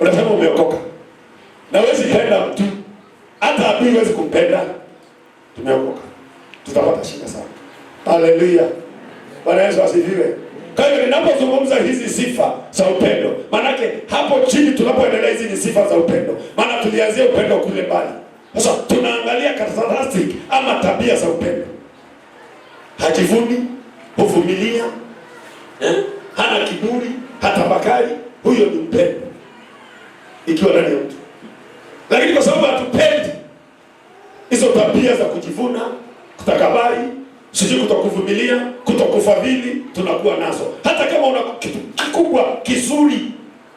unasema umeokoka na wezi penda mtu hata abii wezi kumpenda. Tumeokoka, tutapata shida sana. Haleluya, Bwana Yesu asifiwe. Kwa hiyo ninapozungumza hizi sifa za upendo, maanake hapo chini tunapoendelea, hizi ni sifa za upendo, maana tulianzia upendo kule mbali. Sasa tunaangalia characteristic ama tabia za upendo. Hajivuni, huvumilia eh, hana kiburi, hatabakari. Huyo ni upendo ikiwa ndani ya mtu, lakini kwa sababu hatupendi hizo tabia za kujivuna, kutakabari, sijui kutokuvumilia, kutokufadhili, tunakuwa nazo. Hata kama una kitu kikubwa kizuri,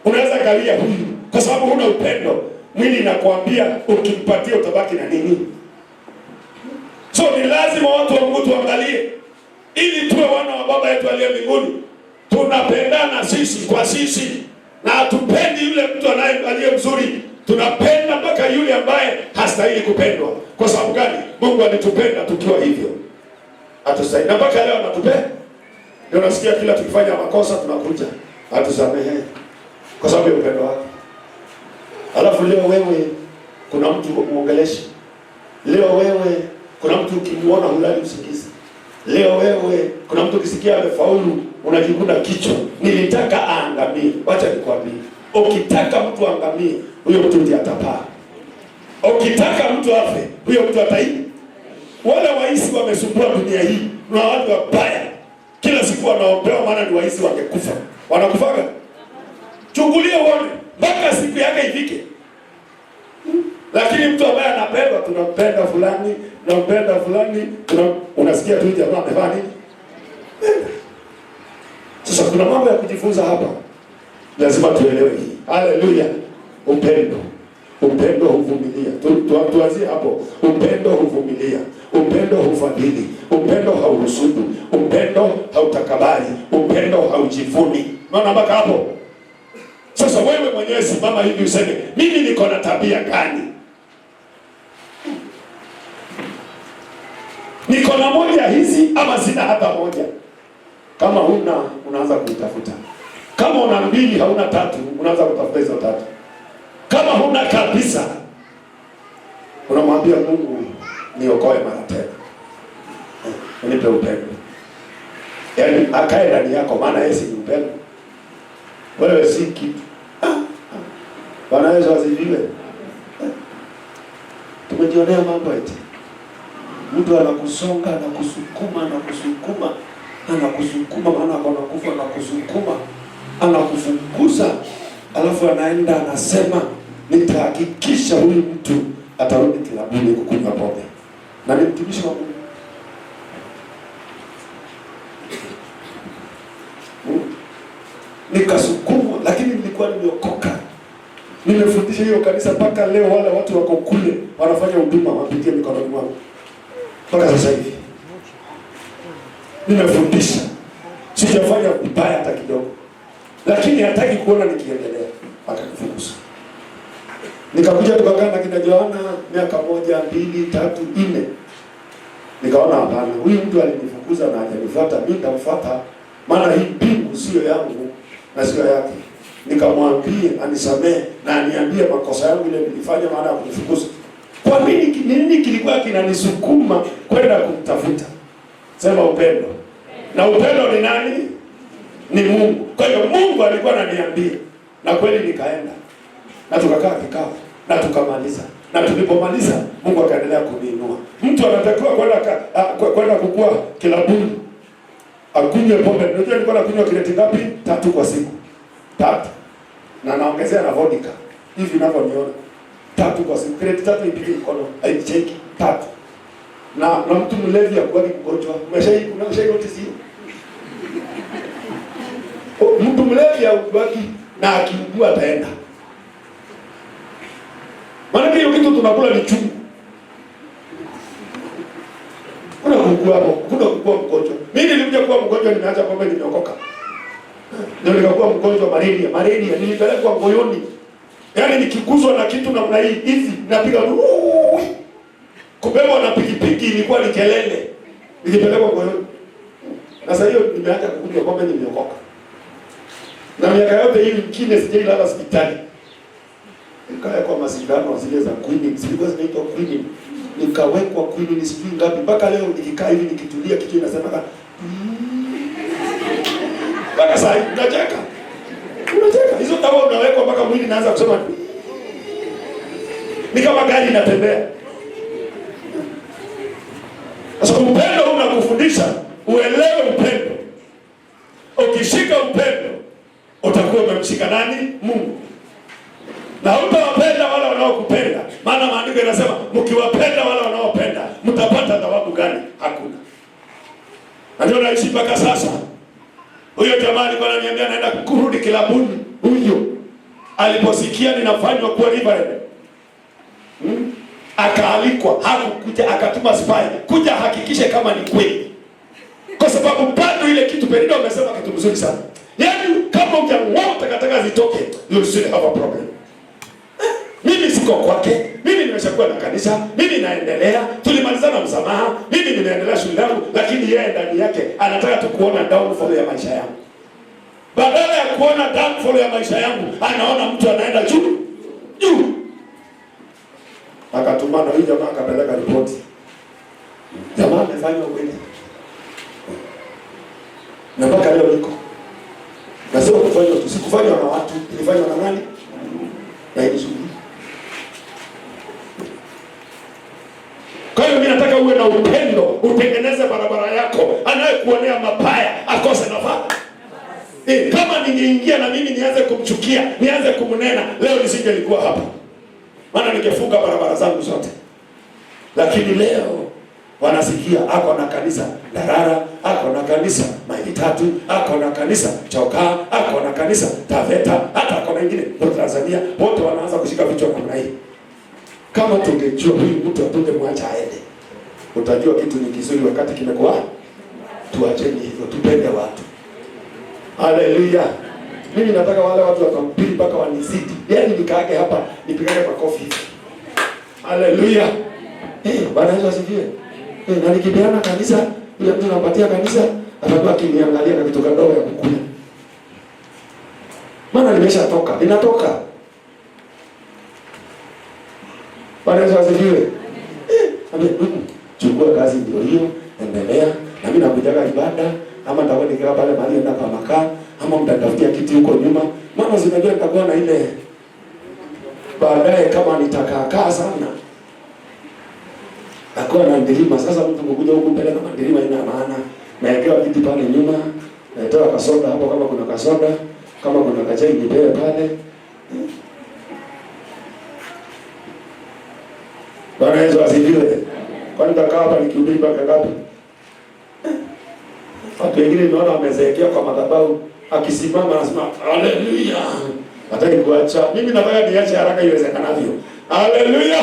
unaweza kalia huyu, kwa sababu huna upendo. Mwili nakwambia ukimpatia utabaki na nini? So ni lazima watu wa Mungu tuangalie, ili tuwe wana wa baba yetu aliye mbinguni, tunapendana sisi kwa sisi na hatupendi yule mtu anaye aliye mzuri, tunapenda mpaka yule ambaye hastahili kupendwa. Kwa sababu gani? Mungu alitupenda tukiwa hivyo, hatustahili na mpaka leo anatupenda. Ndio nasikia kila tukifanya makosa tunakuja atusamehe, kwa sababu ya upendo wake. Alafu leo wewe, kuna mtu muongeleshi leo wewe, kuna mtu ukimuona hulali usingizi Leo wewe, kuna mtu ukisikia amefaulu unajikuna kichwa, nilitaka aangamie. Wacha nikwambie, ukitaka mtu aangamie, huyo mtu ndiye atapaa. Ukitaka mtu afe, huyo mtu ataibu. Wale waisi wamesumbua dunia hii na watu wabaya, kila siku wanaombewa, maana ni waisi wangekufa, wanakufaga. Chungulia uone mpaka siku yake ifike, hmm? lakini mtu ambaye anapendwa, tunampenda fulani nampenda fulani, unasikia tu jamaa amevaa nini. Sasa kuna mambo ya kujifunza hapa, lazima tuelewe hii. Haleluya! Upendo, upendo huvumilia. Tuanzie hapo. Upendo huvumilia, upendo hufadhili, upendo hauhusudu, upendo hautakabali, upendo haujivuni. Unaona mpaka hapo? Sasa wewe mwenyewe simama hivi useme, mimi niko na tabia gani? kuna moja hizi ama sina hata moja. Kama huna unaanza kuitafuta. Kama una mbili hauna tatu, unaanza kutafuta hizo tatu. Kama huna kabisa, unamwambia Mungu niokoe mara tena, eh, unipe upendo, yaani akae ndani yako, maana yeye si upendo. Wewe si kitu. Ah, ah. Bwana Yesu asifiwe. Eh, tumejionea mambo eti mtu anakusonga anakusukuma anakusukuma anakusukuma, maana ako na anakusukuma anakufunguza, alafu anaenda anasema, nitahakikisha huyu mtu atarudi kilabuni kukunywa pombe, na ni mtumishi wa Mungu. Hmm? Nikasukumwa, lakini nilikuwa nimeokoka, nimefundisha hiyo kanisa mpaka leo. Wale watu wako kule wanafanya huduma, wapitie mikononi mwangu mpaka sasa hivi nimefundisha, sijafanya ubaya hata kidogo, lakini hataki kuona nikiendelea. Akakufukuza, nikakuja tukakaa na kina Joana miaka moja mbili tatu nne, nikaona hapana, huyu mtu alinifukuza na hajanifuata, mi nitamfuata, maana hii mbingu siyo yangu na sio yake. Nikamwambie anisamehe na aniambie makosa yangu ile nilifanya maana ya kunifukuza kwa nini? Nini kilikuwa kinanisukuma kwenda kumtafuta? Sema upendo, na upendo ni nani? Ni Mungu. Kwa hiyo Mungu alikuwa ananiambia, na kweli nikaenda na tukakaa kikao na tukamaliza, na tulipomaliza Mungu akaendelea kuniinua. Mtu anatakiwa kwenda kukua kilabuni akunywe pombe. Unajua nilikuwa nakunywa kireti ngapi? Tatu kwa siku, tatu na naongezea na vodka hivi ninavyoniona tatu kwa siku, kreti tatu ipige mkono aicheki tatu. Na na mtu mlevi akubaki kugonjwa, umeshai umeshai notice hiyo? Mtu mlevi akubaki na akiugua ataenda, maana hiyo kitu tunakula ni chungu. Kuna kuugua hapo, kuna kuugua mgonjwa. Mimi nilikuja kuwa mgonjwa, nimeacha pombe, nimeokoka. Ndio nikakuwa mgonjwa malaria, malaria nilipelekwa Ngoyoni Yaani nikikuzwa na kitu namna hii hivi napiga kubebwa na pikipiki ilikuwa ni kelele. Nikipelekwa Sasa hiyo nimeacha kwamba nimeokoka. Na miaka yote hii mkine sijailala hospitali. Nikaya kwa zile za zilikuwa zinaitwa Nikawekwa ni sijui ngapi mpaka leo nikikaa hivi nikitulia kitu inasema mm. mpaka saa nacheka zote huwa unawekwa mpaka mwili naanza kusema ni kama gari inatembea. Sasa upendo huu unakufundisha uelewe upendo. Ukishika upendo utakuwa umemshika nani? Mungu. Na hutawapenda wale wanaokupenda, maana maandiko yanasema mkiwapenda wale wanaopenda mtapata thawabu gani? Hakuna. Na ndio naishi mpaka sasa. Huyo jamaa alikuwa ananiambia anaenda kurudi kilabuni huyo aliposikia ninafanywa kuwa reverend hmm? Akaalikwa, hakukuja, akatuma spy kuja hakikishe kama ni kweli, kwa sababu bado ile kitu Perida amesema kitu mzuri sana, yaani kama hujang'oa takataka zitoke, you still have a problem. Mimi siko kwake, mimi nimeshakuwa na kanisa, mimi naendelea, tulimalizana msamaha, mimi nimeendelea shule yangu, lakini yeye ndani yake anataka tukuona kuona downfall ya maisha yangu. Badala ya kuona downfall ya maisha yangu, anaona mtu anaenda juu juu. Akatuma na huyu jamaa akapeleka ripoti, jamaa amefanya ukweli, na mpaka leo niko na sio kufanywa tu, sikufanywa na watu, ilifanywa na nani? Na hii shughuli. Kwa hiyo mimi nataka uwe na upendo, utengeneze barabara yako, anayekuonea mabaya akose nafasi. E, kama ningeingia na mimi nianze kumchukia nianze kumnena leo nisingelikuwa hapa, maana ningefunga barabara zangu zote. Lakini leo wanasikia ako na kanisa Darara, ako na kanisa maili tatu, ako na kanisa Chokaa, ako na kanisa Taveta, hata ako na ingine kwa Tanzania. Wote wanaanza kushika vichwa namna hii. Kama tungejua huyu mtu mwacha aende. Utajua kitu ni kizuri wakati kimekuwa. Tuacheni hivyo, tupende watu Haleluya. Mimi nataka wale watu wakampili mpaka wanizidi. Yaani nikaage hapa nipigane makofi hivi. Haleluya. Eh, hey, Bwana Yesu asifiwe. Eh, hey, na nikipeana kanisa, yule mtu anapatia kanisa, atakuwa akiniangalia na kitu kadogo ya kukula. Maana nimeshatoka, ninatoka. Bwana Yesu asifiwe. Eh, hey, mm, chukua kazi ndio hiyo, endelea. Na mimi nakujaga ibada, ama nitakuwa nikikaa pale mahali enda kwa makaa ama mtatafutia kiti huko nyuma, maana zinajua nitakuwa na ile baadaye, kama nitakaa kaa sana nakuwa na ndirima. Sasa mtu kukuja huku mbele kama ndirima ina maana, naekewa kiti pale nyuma, naitoa kasoda hapo, kama kuna kasoda, kama kuna kachai nipewe pale. Bwana Yesu asifiwe. Kwani nitakaa hapa nikihubiri mpaka ngapi? Watu wengine naona wamezeekea kwa madhabahu, akisimama anasema haleluya, hataki kuacha. Mimi nataka niache haraka iwezekanavyo, haleluya.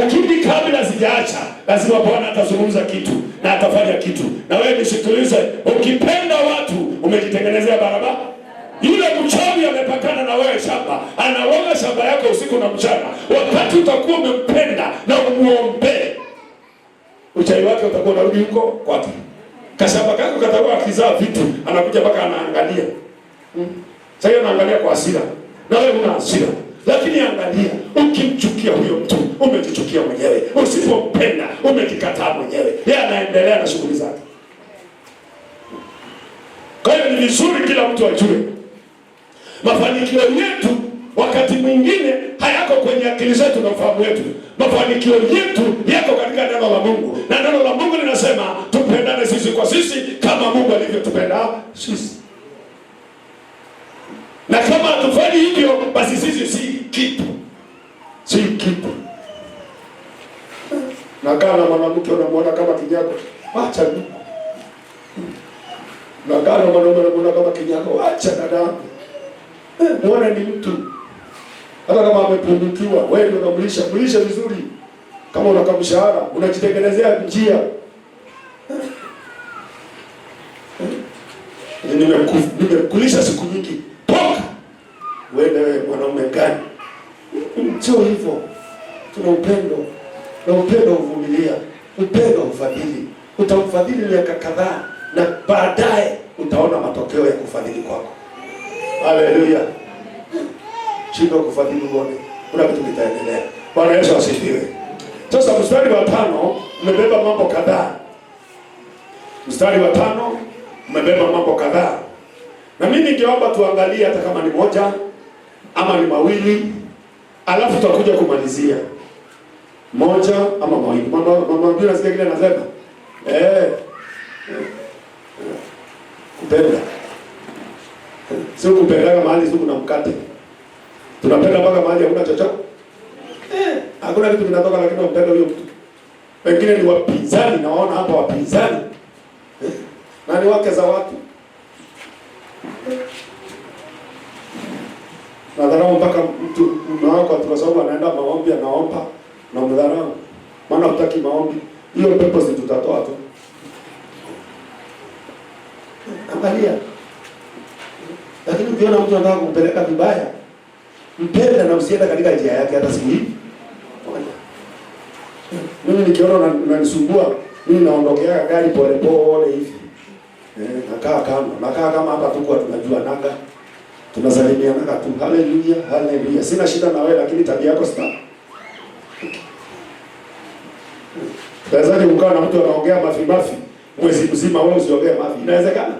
Lakini kabla sijaacha, lazima Bwana atazungumza kitu na atafanya kitu, na wewe nisikilize. Ukipenda watu, umejitengenezea barabara. Yule mchawi amepakana na wewe shamba, anawoga shamba yako usiku na mchana. Wakati utakuwa umempenda na umuombee, uchawi wake utakuwa unarudi huko kwake. Kashamba kangu ukataua akizaa vitu, anakuja mpaka anaangalia. Mm. Sasa anaangalia kwa hasira. Na wewe una hasira. Lakini angalia, ukimchukia huyo mtu, umejichukia mwenyewe. Usipompenda, umejikataa mwenyewe. Yeye anaendelea na shughuli zake. Kwa hiyo ni vizuri kila mtu ajue. Mafanikio yetu wakati mwingine hayako kwenye akili zetu na ufahamu wetu. Mafanikio yetu yako katika neno la Mungu. Na neno la Mungu linasema tupendane sisi kwa sisi kama Mungu alivyotupenda sisi, na kama hatufanyi hivyo, basi sisi si kitu, si kitu. Nakaa na mwanamke unamwona kama kinyago, acha ni nakaa na mwanaume unamwona kama kinyago, acha dada, muone ni mtu. Hata kama amepungukiwa, wewe ndio unamlisha, mlisha vizuri. Kama unakamshahara, unajitengenezea njia nimekulisha siku nyingi, toka uende wewe mwanaume gani? Sio hivyo. Tuna upendo na upendo uvumilia, upendo ufadhili. Utamfadhili miaka kadhaa, na baadaye utaona matokeo ya kufadhili kwako. Haleluya! chindo kufadhili uone kuna vitu vitaendelea Bwana Yesu asifiwe. Sasa mstari wa tano umebeba mambo kadhaa. Mstari wa tano umebeba mambo kadhaa, na mimi ningeomba tuangalie hata kama ni moja ama ni mawili, alafu tutakuja kumalizia moja ama mawili. Mama mama bila sikia kile anasema eh, kupenda sio kupenda mahali sio kuna mkate, tunapenda mpaka mahali hakuna chochote eh, hakuna kitu kinatoka, lakini tunapenda huyo mtu. Wengine ni wapinzani, nawaona hapa wapinzani na ni wake za watu. Nadharau mpaka mtu mume wako kwa sababu anaenda maombi, anaomba na mdharau, maana hutaki maombi. Hiyo pepo si tutatoa tu. Angalia, lakini ukiona mtu anataka kumpeleka vibaya, mpenda na msienda katika njia yake hata siku hii. Mimi nikiona unanisumbua, mimi naondokea gari pole hivi tunakaa kama nakaa kama hapa tuko tunajua naga tunasalimia naga tu. Haleluya, haleluya. Sina shida na wewe, lakini tabia yako sita. Tazama ukawa na mtu anaongea mafi mafi mwezi mzima, wewe usiongee mafi, inawezekana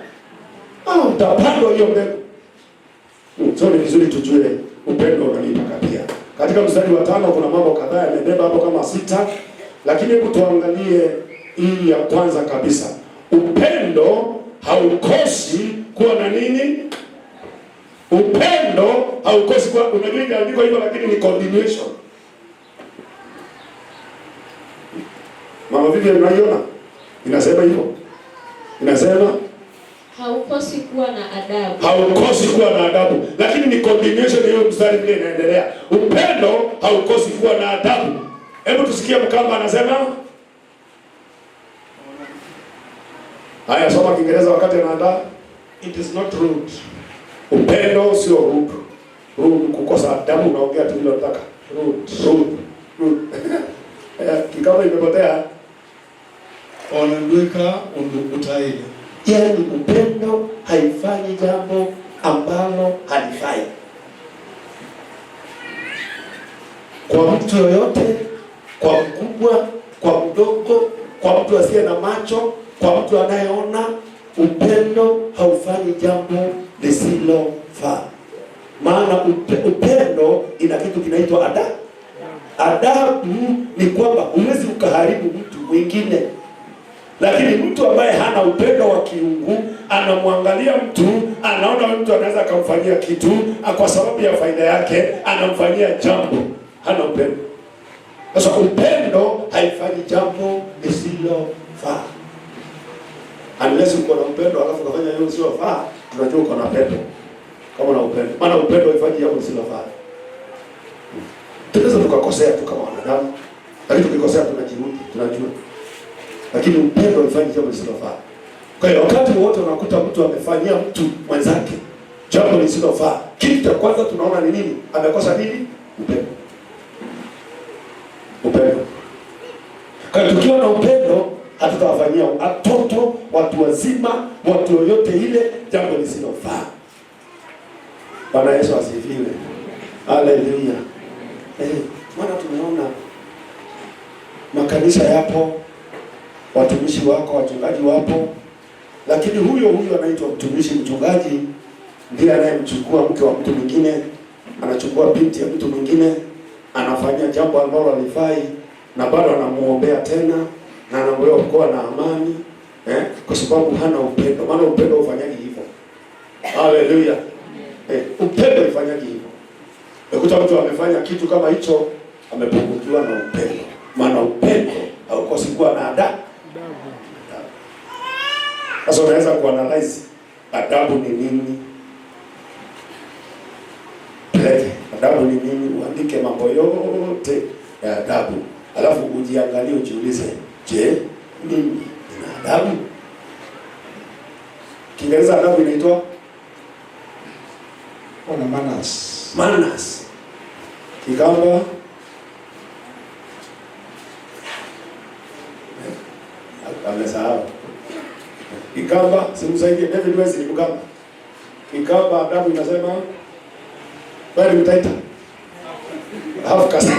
au ah, utapandwa hiyo mbegu. Hmm, so ni vizuri tujue upendo unalipa pia. Katika mstari wa tano kuna mambo kadhaa yamebeba hapo kama sita, lakini hebu tuangalie hii ya kwanza kabisa, upendo haukosi kuwa na nini? Upendo haukosi kuwa. Unajua imeandikwa hivyo, lakini ni continuation. Mama vipi, unaiona inasema hivyo, inasema haukosi kuwa na adabu, haukosi kuwa na adabu, lakini ni continuation hiyo, mstari vile inaendelea. Upendo haukosi kuwa na adabu. Hebu tusikie Mkamba anasema Haya, soma Kiingereza wakati anaandaa. It is not rude. Upendo sio rude. Rude kukosa adabu, unaongea tu bila kutaka. Rude, rude, rude. Kikao imepotea. Ondoka undukutaile. Yaani upendo haifanyi jambo ambalo halifai kwa mtu yoyote, kwa mkubwa, kwa mdogo, kwa mtu asiye na macho kwa mtu anayeona upendo haufanyi jambo lisilofaa. Maana upendo ina kitu kinaitwa adabu. Adabu ni kwamba huwezi ukaharibu mtu mwingine, lakini mtu ambaye hana upendo wa kiungu anamwangalia mtu, anaona mtu anaweza akamfanyia kitu kwa sababu ya faida yake, anamfanyia jambo, hana upendo. Sasa upendo haifanyi jambo lisilofaa unless uko na upendo alafu unafanya hiyo sio faa, tunajua uko na upendo kama na upendo, maana upendo haifanyi hapo sio faa. Tunaweza tukakosea tu kama wanadamu, lakini tukikosea tunajirudi, tunajua, lakini upendo haifanyi jambo lisilofaa. Kwa hiyo wakati wote unakuta mtu amefanyia mtu mwenzake jambo lisilofaa, kitu cha kwanza tunaona ni nini? Amekosa nini? Upendo, upendo. Kwa hiyo tukiwa na upendo hatutawafanyia hatu watu wazima, watu yoyote ile, jambo lisilofaa. Bwana Yesu asifiwe, haleluya. Eh, tumeona makanisa yapo, watumishi wako, wachungaji wapo, lakini huyo huyo anaitwa mtumishi. Mchungaji ndiye anayemchukua mke wa mtu mwingine, anachukua binti ya mtu mwingine, anafanya jambo ambalo halifai, na bado anamuombea tena na anaombewa kuwa na amani eh, kwa sababu hana upendo, maana upendo ufanyagi hivyo. Haleluya! Eh, upendo ufanyagi hivyo. Ukuta mtu amefanya kitu kama hicho, amepungukiwa na upendo, maana upendo haukosi kuwa na adabu. Sasa unaweza kuanalyze adabu ni nini? Peleke adabu ni nini, uandike mambo yote ya adabu, alafu ujiangalie, ujiulize, je, nini adabu. Kiingereza adabu inaitwa ona manners. Manners. Kigamba eh, amesahau. Kigamba simsaidie David Wesley Mgamba. Kigamba adabu inasema bali mtaita. Hafu kasi.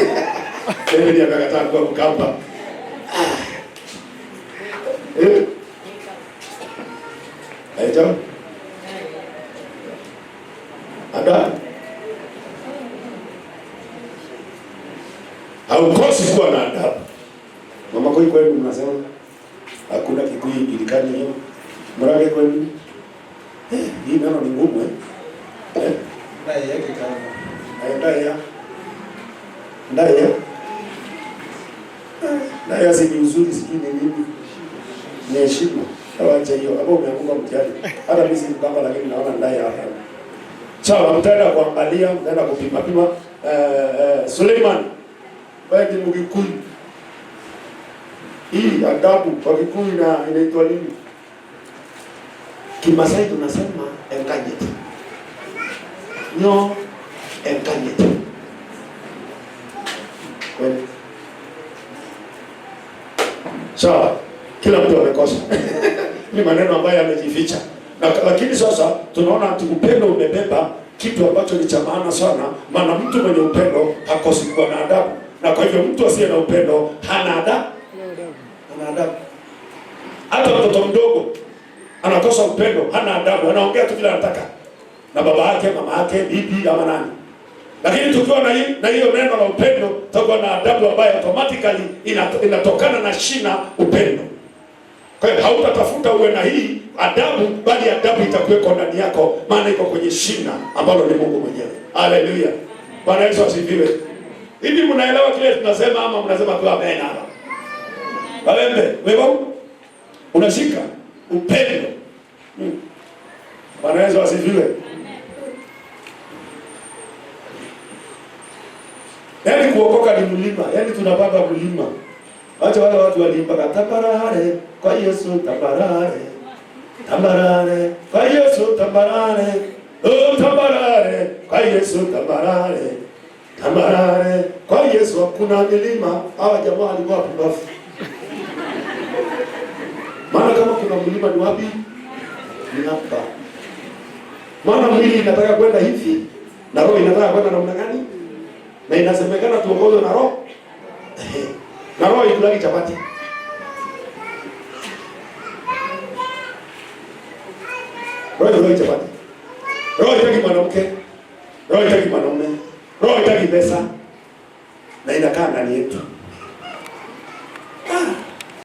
David amekataa kuwa Mgamba. Eh? Eh, Aita? Ada? Haukosi kuwa na adabu. Mama kwenu mnasema hakuna kikuyu kilikani hiyo. Mrage kwenu? niheshimu awache hiyo hapo, umeanguka mtihani. Hata mimi si mbamba, lakini naona ndaye hapa sawa. Mtaenda kuangalia, mtaenda kupima pima. Uh, Suleiman baki mkikuyu hii adabu kwa Kikuyu na inaitwa nini? Kimasai tunasema enkanyet nyo enkanyet kweli sawa makosa ni maneno ambayo yamejificha, lakini sasa tunaona ati upendo umebeba kitu ambacho ni cha maana sana, maana mtu mwenye upendo hakosi kuwa na adabu, na kwa hivyo mtu asiye na upendo hana adabu, hana adabu. Hata mtoto mdogo anakosa upendo, hana adabu, anaongea tu vile anataka na baba yake, mama yake, bibi ama nani. Lakini tukiwa na hii na hiyo neno la upendo, tutakuwa na adabu ambayo automatically inatokana na shina upendo kwa hiyo hautatafuta uwe na hii adabu, bali adabu itakuweko ndani yako, maana iko kwenye shina ambalo ni Mungu mwenyewe. Haleluya, Bwana Yesu asifiwe. Hivi mnaelewa kile tunasema ama mnasema tu amen? Hapa wawembe wewe unashika upendo. Hmm. Bwana Yesu asifiwe. Yaani kuokoka ni mlima, yaani tunapanda mlima Wacha wale watu walimba tabarare kwa Yesu tabarare. tambarare kwa Yesu tambarare Oh tabarare kwa Yesu tambarare tambarare kwa Yesu hakuna milima. Hawa jamaa walikuwa pumbafu. Maana kama kuna mlima ni wapi? Ni hapa. Maana mwili inataka kwenda hivi na roho inataka kwenda namna gani? Na inasemekana tuongozwe na roho na roho ikulagi chapati. Roho ikulagi chapati. Roho itaki mwanamke, roho itaki mwanaume, roho itaki pesa na inakaa ndani yetu.